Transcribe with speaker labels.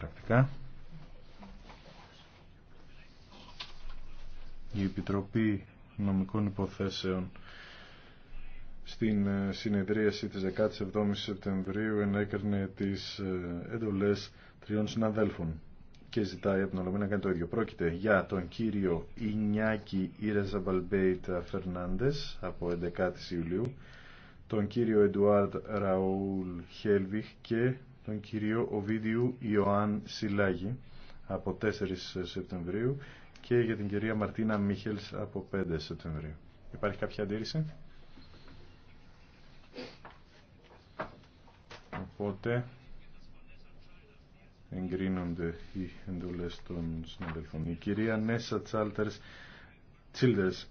Speaker 1: πρακτικά. Η Επιτροπή Νομικών Υποθέσεων στην ε, συνεδρίαση της 17ης Σεπτεμβρίου ενέκρινε τις ε, εντολές τριών συναδέλφων και ζητάει από την Ολομή να κάνει το ίδιο. Πρόκειται για τον κύριο Ινιάκη Μπαλμπέιτα Φερνάντες από 11 Ιουλίου, τον κύριο Εντουάρτ Ραούλ Χέλβιχ και τον κύριο Οβίδιου Ιωάνν Σιλάγη από 4 Σεπτεμβρίου και για την κυρία Μαρτίνα Μίχελς από 5 Σεπτεμβρίου. Υπάρχει κάποια αντίρρηση? Οπότε εγκρίνονται οι εντολές των συναδελφών. Η κυρία Νέσα Τσάλτερς
Speaker 2: Τσίλτερς